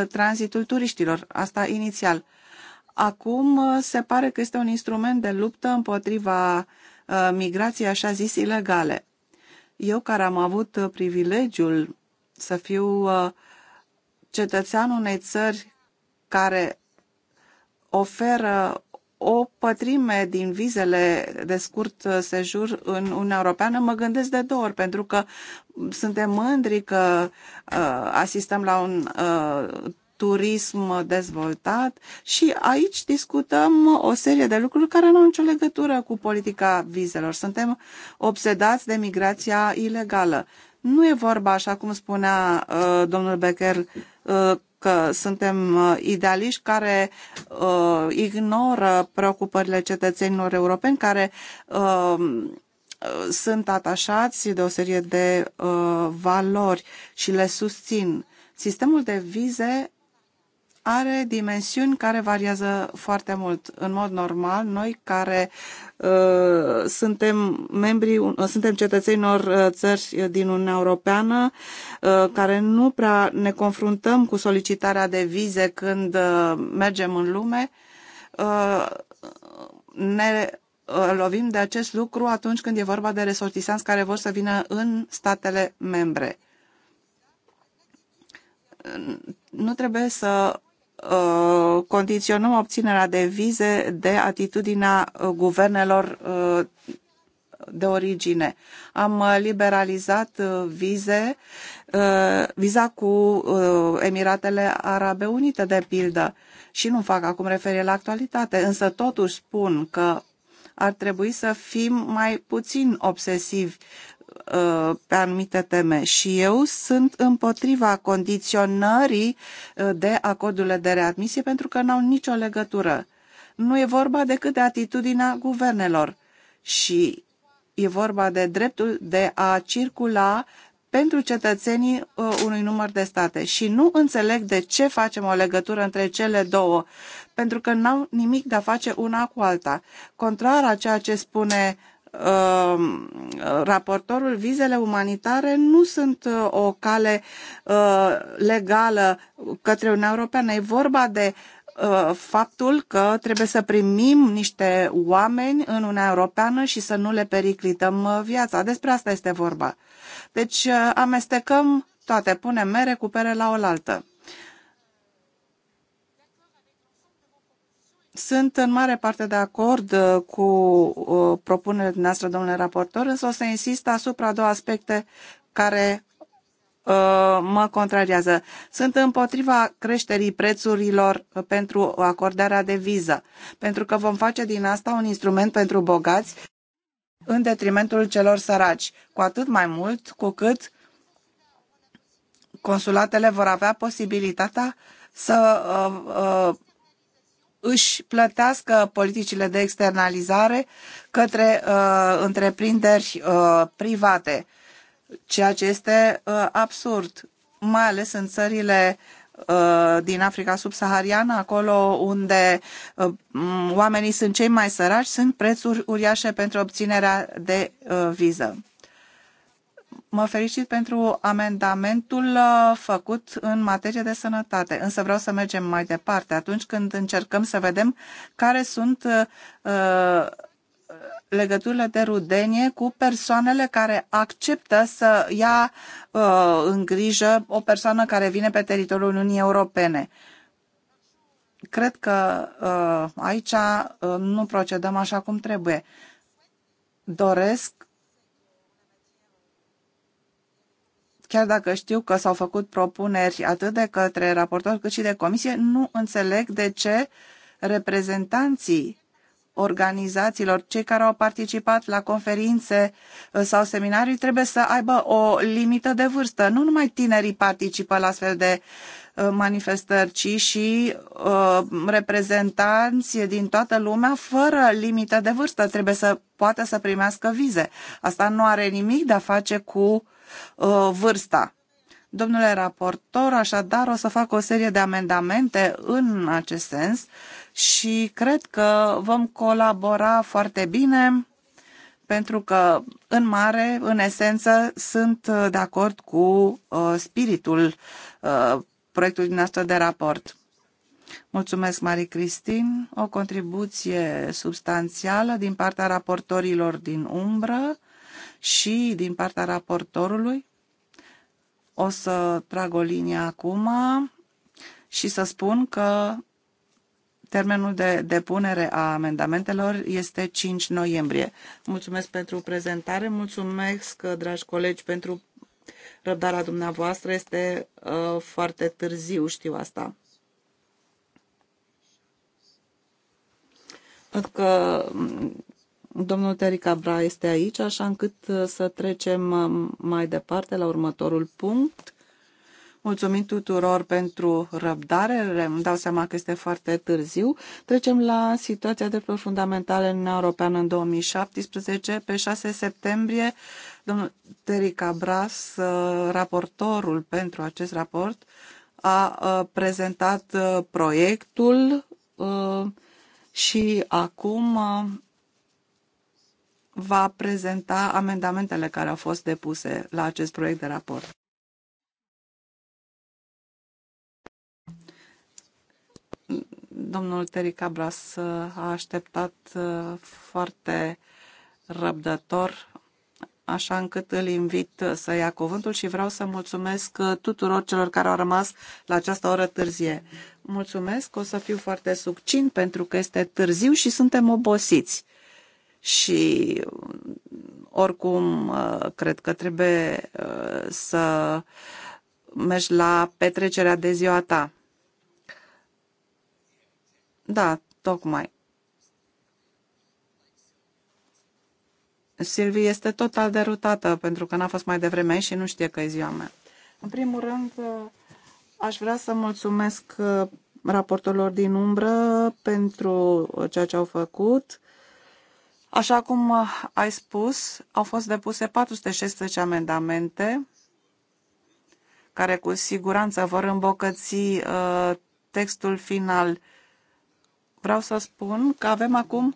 tranzitul turiștilor, asta inițial. Acum se pare că este un instrument de luptă împotriva migrației așa zis ilegale. Eu care am avut privilegiul să fiu cetățean unei țări care oferă o pătrime din vizele de scurt sejur în Uniunea Europeană, mă gândesc de două ori, pentru că suntem mândri că uh, asistăm la un uh, turism dezvoltat și aici discutăm o serie de lucruri care nu au nicio legătură cu politica vizelor. Suntem obsedați de migrația ilegală. Nu e vorba, așa cum spunea uh, domnul Becker, uh, că suntem uh, idealiști care uh, ignoră preocupările cetățenilor europeni, care uh, sunt atașați de o serie de uh, valori și le susțin. Sistemul de vize are dimensiuni care variază foarte mult. În mod normal, noi care uh, suntem membri, uh, suntem cetățenilor uh, țări din Uniunea Europeană, uh, care nu prea ne confruntăm cu solicitarea de vize când uh, mergem în lume, uh, ne uh, lovim de acest lucru atunci când e vorba de resortisanți care vor să vină în statele membre nu trebuie să Uh, condiționăm obținerea de vize de atitudinea uh, guvernelor uh, de origine. Am liberalizat vize, viza cu Emiratele Arabe Unite, de pildă, și nu fac acum referire la actualitate, însă totuși spun că ar trebui să fim mai puțin obsesivi Uh, pe anumite teme și eu sunt împotriva condiționării uh, de acordurile de readmisie pentru că n-au nicio legătură. Nu e vorba decât de atitudinea guvernelor și e vorba de dreptul de a circula pentru cetățenii uh, unui număr de state și nu înțeleg de ce facem o legătură între cele două, pentru că n-au nimic de a face una cu alta. Contrar a ceea ce spune Um, raportorul, vizele umanitare nu sunt uh, o cale uh, legală către Uniunea Europeană. E vorba de uh, faptul că trebuie să primim niște oameni în Uniunea Europeană și să nu le periclităm viața. Despre asta este vorba. Deci amestecăm toate, punem mere cu pere la oaltă. Sunt în mare parte de acord uh, cu uh, propunerea dumneavoastră, domnule raportor, însă o să insist asupra două aspecte care uh, mă contrariază. Sunt împotriva creșterii prețurilor pentru acordarea de viză, pentru că vom face din asta un instrument pentru bogați în detrimentul celor săraci, cu atât mai mult cu cât consulatele vor avea posibilitatea să uh, uh, își plătească politicile de externalizare către uh, întreprinderi uh, private, ceea ce este uh, absurd, mai ales în țările uh, din Africa subsahariană, acolo unde uh, oamenii sunt cei mai săraci, sunt prețuri uriașe pentru obținerea de uh, viză mă fericit pentru amendamentul uh, făcut în materie de sănătate, însă vreau să mergem mai departe atunci când încercăm să vedem care sunt uh, uh, legăturile de rudenie cu persoanele care acceptă să ia uh, în grijă o persoană care vine pe teritoriul Uniunii Europene. Cred că uh, aici uh, nu procedăm așa cum trebuie. Doresc Chiar dacă știu că s-au făcut propuneri atât de către raportor cât și de comisie, nu înțeleg de ce reprezentanții organizațiilor, cei care au participat la conferințe uh, sau seminarii, trebuie să aibă o limită de vârstă. Nu numai tinerii participă la astfel de Uh, manifestări, ci și uh, reprezentanți din toată lumea fără limită de vârstă. Trebuie să poată să primească vize. Asta nu are nimic de a face cu uh, vârsta. Domnule raportor, așadar o să fac o serie de amendamente în acest sens și cred că vom colabora foarte bine pentru că, în mare, în esență, sunt de acord cu uh, spiritul uh, proiectul asta de raport. Mulțumesc, Marie Cristin. O contribuție substanțială din partea raportorilor din umbră și din partea raportorului. O să trag o linie acum și să spun că termenul de depunere a amendamentelor este 5 noiembrie. Mulțumesc pentru prezentare, mulțumesc, dragi colegi, pentru Răbdarea dumneavoastră este uh, foarte târziu, știu asta. Văd că mm, domnul Terica Bra este aici, așa încât uh, să trecem uh, mai departe la următorul punct. Mulțumim tuturor pentru răbdare, îmi dau seama că este foarte târziu. Trecem la situația drepturilor fundamentale în Uniunea Europeană în 2017. Pe 6 septembrie Domnul Terry Cabras, uh, raportorul pentru acest raport, a uh, prezentat uh, proiectul și acum va prezenta amendamentele care au fost depuse la acest proiect de raport. Domnul Terry Cabras a așteptat foarte răbdător așa încât îl invit să ia cuvântul și vreau să mulțumesc tuturor celor care au rămas la această oră târzie. Mulțumesc, o să fiu foarte succint pentru că este târziu și suntem obosiți. Și oricum, cred că trebuie să mergi la petrecerea de ziua ta. Da, tocmai. Silvi este total derutată pentru că n-a fost mai devreme și nu știe că e ziua mea. În primul rând, aș vrea să mulțumesc uh, raportorilor din umbră pentru ceea ce au făcut. Așa cum ai spus, au fost depuse 416 amendamente care cu siguranță vor îmbocăți uh, textul final. Vreau să spun că avem acum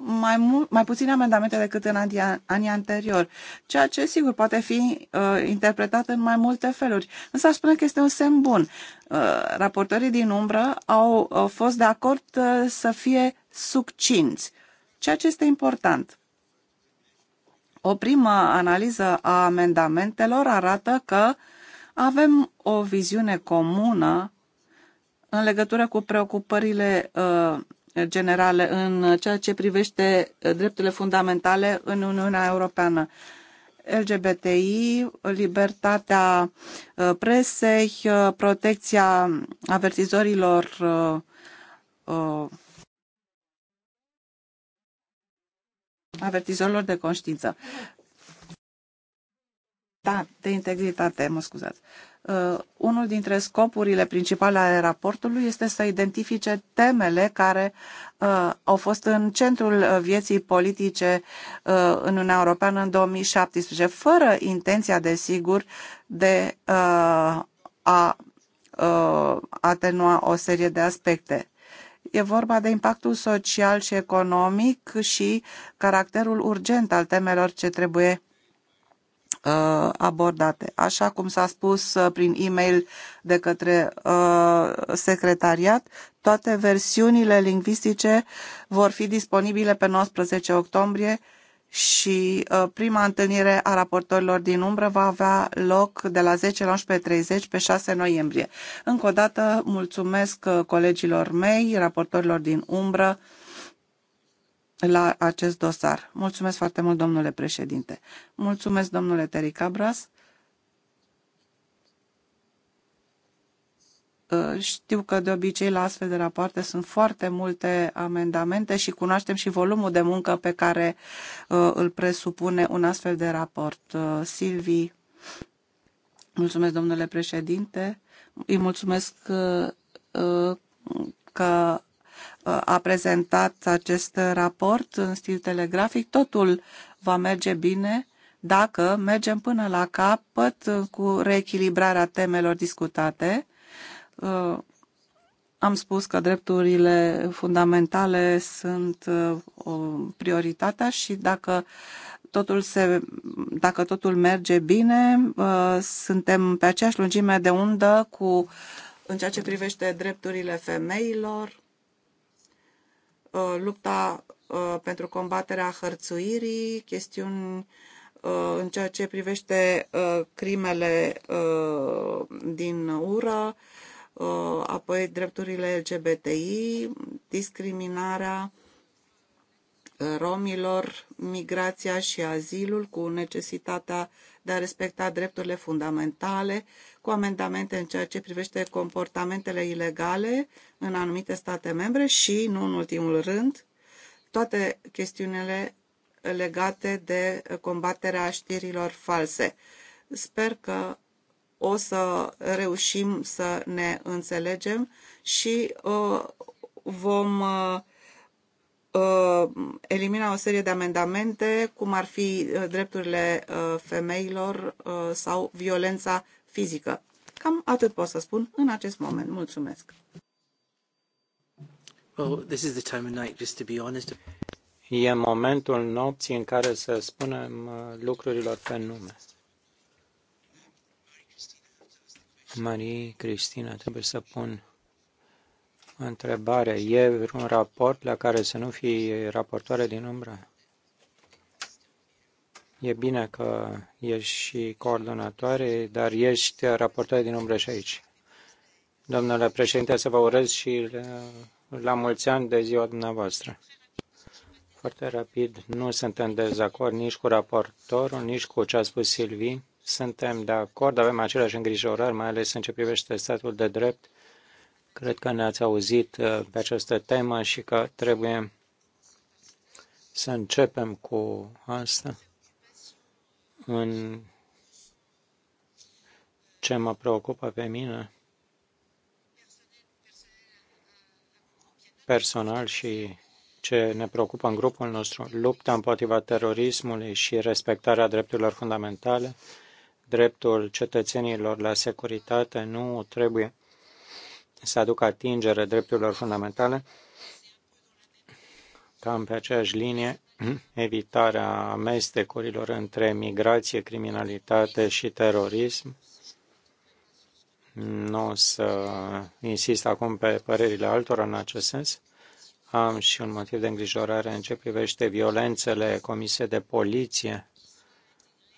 mai, mult, mai puține amendamente decât în anii, anii anterior, ceea ce sigur poate fi uh, interpretat în mai multe feluri. Însă aș spune că este un semn bun. Uh, raportorii din umbră au uh, fost de acord uh, să fie succinți, ceea ce este important. O primă analiză a amendamentelor arată că avem o viziune comună în legătură cu preocupările uh, generale în ceea ce privește drepturile fundamentale în Uniunea Europeană. LGBTI, libertatea uh, presei, uh, protecția avertizorilor uh, avertizorilor de conștiință. Da, de integritate, mă scuzați. Uh, unul dintre scopurile principale ale raportului este să identifice temele care uh, au fost în centrul uh, vieții politice uh, în Uniunea Europeană în 2017, fără intenția, desigur, de uh, a uh, atenua o serie de aspecte. E vorba de impactul social și economic și caracterul urgent al temelor ce trebuie Uh, abordate. Așa cum s-a spus uh, prin e-mail de către uh, secretariat, toate versiunile lingvistice vor fi disponibile pe 19 octombrie și prima întâlnire a raportorilor din umbră va avea loc de la 10 la 11.30 pe 6 noiembrie. Încă o dată mulțumesc colegilor mei, raportorilor din umbră, la acest dosar. Mulțumesc foarte mult, domnule președinte. Mulțumesc, domnule Teri Cabras. Uh, știu că de obicei la astfel de rapoarte sunt foarte multe amendamente și cunoaștem și volumul de muncă pe care uh, îl presupune un astfel de raport. Uh, Silvi, mulțumesc domnule președinte, îi mulțumesc că a prezentat acest raport în stil telegrafic. Totul va merge bine dacă mergem până la capăt cu reechilibrarea temelor discutate. Uh, am spus că drepturile fundamentale sunt uh, prioritatea și dacă totul se, dacă totul merge bine, uh, suntem pe aceeași lungime de undă cu în ceea ce privește drepturile femeilor, Uh, lupta uh, pentru combaterea hărțuirii, chestiuni uh, în ceea ce privește crimele din ură, apoi drepturile LGBTI, discriminarea romilor, migrația și azilul cu necesitatea de a respecta drepturile fundamentale, cu amendamente în ceea ce privește comportamentele ilegale în anumite state membre și, nu în ultimul rând, toate chestiunile legate de combaterea știrilor false. Sper că o să reușim să ne înțelegem și uh, vom uh, Uh, elimina o serie de amendamente, cum ar fi uh, drepturile uh, femeilor sau violența fizică. Cam atât pot să spun în acest moment. Mulțumesc. Well, this is the time of night, just to be honest. E momentul nopții în care să spunem lucrurilor pe nume. Marie Cristina, trebuie să pun Întrebare. E un raport la care să nu fii raportoare din umbră? E bine că ești și coordonatoare, dar ești raportoare din umbră și aici. Domnule președinte, să vă urez și la mulți ani de ziua dumneavoastră. Foarte rapid, nu suntem în dezacord nici cu raportorul, nici cu ce a spus Silvi. Suntem de acord, avem aceleași îngrijorări, mai ales în ce privește statul de drept Cred că ne-ați auzit uh, pe această temă și că trebuie să începem cu asta în ce mă preocupă pe mine personal și ce ne preocupă în grupul nostru, lupta împotriva terorismului și respectarea drepturilor fundamentale, dreptul cetățenilor la securitate nu trebuie să aducă atingere drepturilor fundamentale, cam pe aceeași linie, evitarea amestecurilor între migrație, criminalitate și terorism. Nu o să insist acum pe părerile altora în acest sens. Am și un motiv de îngrijorare în ce privește violențele comise de poliție.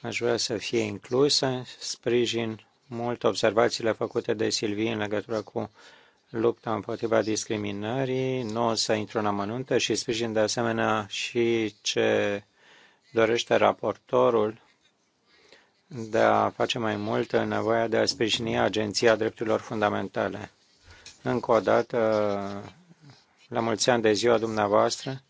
Aș vrea să fie incluse sprijin mult observațiile făcute de Silvie în legătură cu lupta împotriva discriminării. Nu o să intru în amănunte și sprijin de asemenea și ce dorește raportorul de a face mai mult în nevoia de a sprijini Agenția Drepturilor Fundamentale. Încă o dată, la mulți ani de ziua dumneavoastră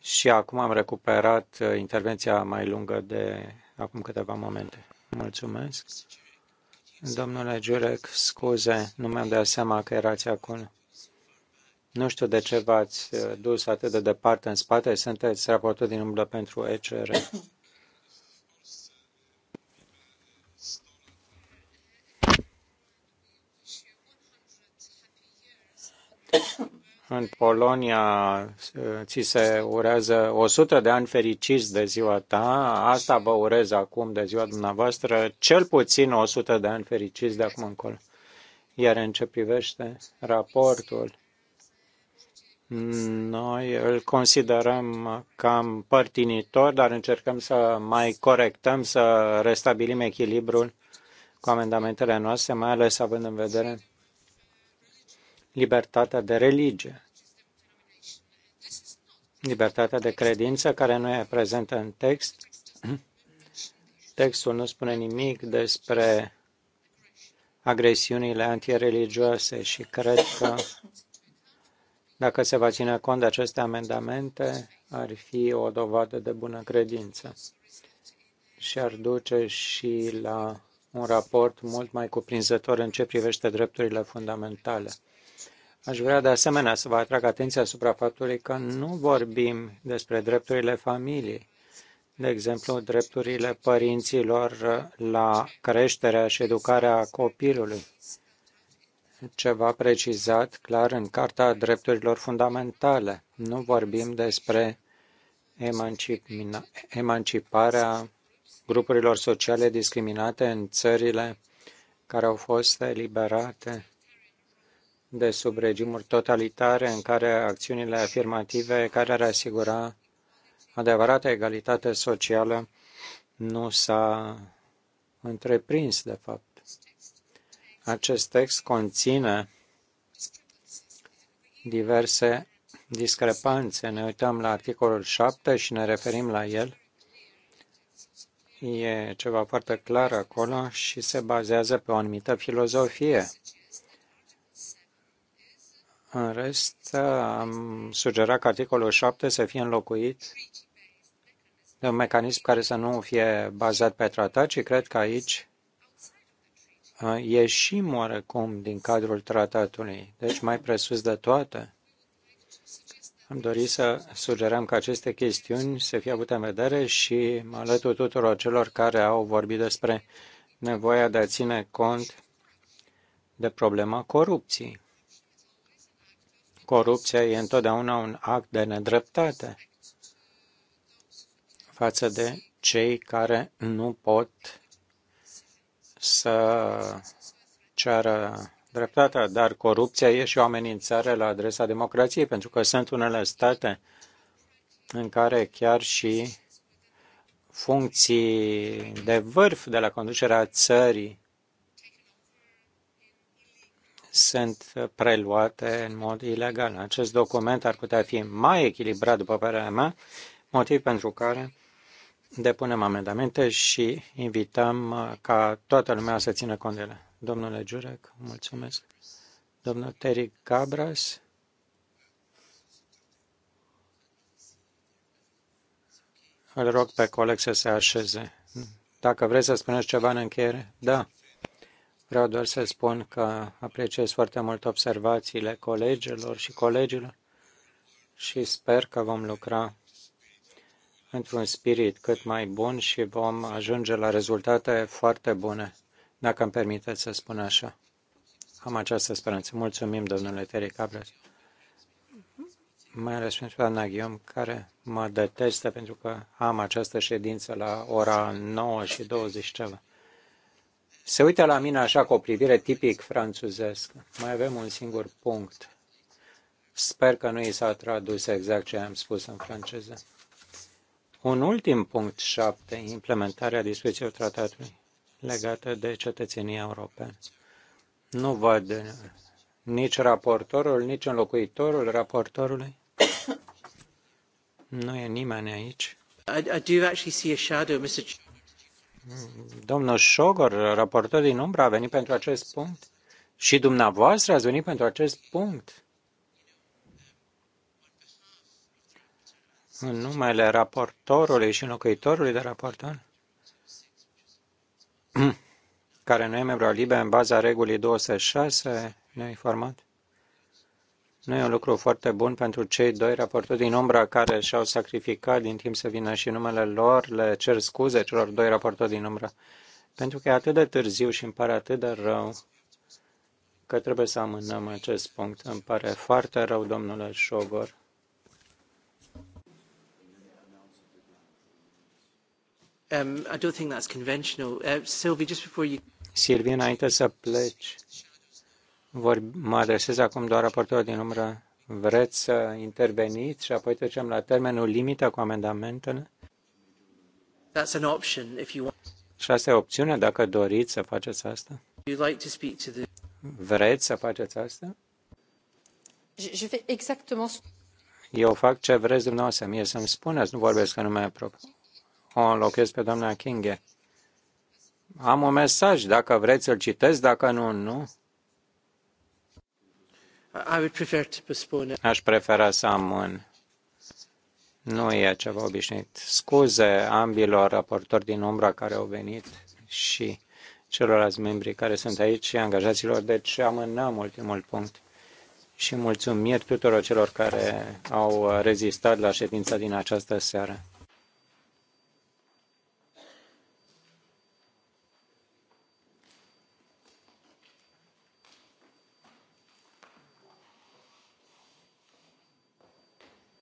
și acum am recuperat intervenția mai lungă de acum câteva momente. Mulțumesc! Domnule Jurek, scuze, nu mi-am dat seama că erați acolo. Nu știu de ce v-ați uh, dus atât de departe în spate. Sunteți raportul din umblă pentru ECR. În Polonia uh, ți se urează 100 de ani fericiți de ziua ta. Asta vă urez acum de ziua dumneavoastră, cel puțin 100 de ani fericiți de acum încolo. Iar în ce privește raportul, noi îl considerăm cam părtinitor, dar încercăm să mai corectăm, să restabilim echilibrul cu amendamentele noastre, mai ales având în vedere libertatea de religie, libertatea de credință care nu e prezentă în text. Textul nu spune nimic despre agresiunile antireligioase și cred că dacă se va ține cont de aceste amendamente, ar fi o dovadă de bună credință și ar duce și la un raport mult mai cuprinzător în ce privește drepturile fundamentale. Aș vrea de asemenea să vă atrag atenția asupra faptului că nu vorbim despre drepturile familiei, de exemplu, drepturile părinților la creșterea și educarea copilului, ceva precizat clar în Carta Drepturilor Fundamentale. Nu vorbim despre emanciparea grupurilor sociale discriminate în țările care au fost eliberate de sub regimuri totalitare în care acțiunile afirmative care ar asigura adevărată egalitate socială nu s-a întreprins, de fapt. Acest text conține diverse discrepanțe. Ne uităm la articolul 7 și ne referim la el. E ceva foarte clar acolo și se bazează pe o anumită filozofie în rest, am sugerat că articolul 7 să fie înlocuit de un mecanism care să nu fie bazat pe tratat și cred că aici ieșim oarecum din cadrul tratatului. Deci, mai presus de toate, am dorit să sugerăm că aceste chestiuni să fie avute în vedere și mă alătur tuturor celor care au vorbit despre nevoia de a ține cont de problema corupției corupția e întotdeauna un act de nedreptate față de cei care nu pot să ceară dreptatea, dar corupția e și o amenințare la adresa democrației, pentru că sunt unele state în care chiar și funcții de vârf de la conducerea țării sunt preluate în mod ilegal. Acest document ar putea fi mai echilibrat, după părerea mea, motiv pentru care depunem amendamente și invităm uh, ca toată lumea să țină cont de ele. Domnule Giurec, mulțumesc. Domnul Terry Cabras. Îl rog pe coleg să se așeze. Dacă vreți să spuneți ceva în încheiere, da. Vreau doar să spun că apreciez foarte mult observațiile colegilor și colegilor și sper că vom lucra într-un spirit cât mai bun și vom ajunge la rezultate foarte bune, dacă îmi permiteți să spun așa. Am această speranță. Mulțumim, domnule Terry Cabres. Mai ales pentru doamna Ghiom, care mă detestă pentru că am această ședință la ora 9 și 20 ceva se uită la mine așa cu o privire tipic franțuzescă. Mai avem un singur punct. Sper că nu i s-a tradus exact ce am spus în franceză. Un ultim punct șapte, implementarea dispozițiilor tratatului legată de cetățenia europeană. Nu văd nici raportorul, nici înlocuitorul raportorului. nu e nimeni aici. I, I do actually see a shadow, Mr. Domnul Șogor, raportor din umbră, a venit pentru acest punct? Și dumneavoastră ați venit pentru acest punct? În numele raportorului și înlocuitorului de raportor, care nu e membru al LIBE în baza regulii 206, ne-a informat nu e un lucru foarte bun pentru cei doi raportori din umbra care și-au sacrificat din timp să vină și numele lor. Le cer scuze celor doi raportori din umbra pentru că e atât de târziu și îmi pare atât de rău că trebuie să amânăm acest punct. Îmi pare foarte rău, domnule Șogor. Um, I don't think that's conventional. Uh, Sylvie, just before you... Sylvie, înainte să pleci, vor, mă adresez acum doar raportorul din umbră. Vreți să interveniți și apoi trecem la termenul limită cu amendamentele? That's an option if you want. Și asta e opțiune dacă doriți să faceți asta. Like to speak to the... Vreți să faceți asta? Je, je exactement... Eu fac ce vreți dumneavoastră. Mie să-mi spuneți, nu vorbesc nu mai propriu. O înlocuiesc pe doamna Kinghe. Am un mesaj, dacă vreți să-l citesc, dacă nu, nu. Aș prefera să amân. Nu e ceva obișnuit. Scuze ambilor raportori din umbra care au venit și celorlalți membri care sunt aici și angajaților, deci amânăm ultimul punct. Și mulțumiri tuturor celor care au rezistat la ședința din această seară.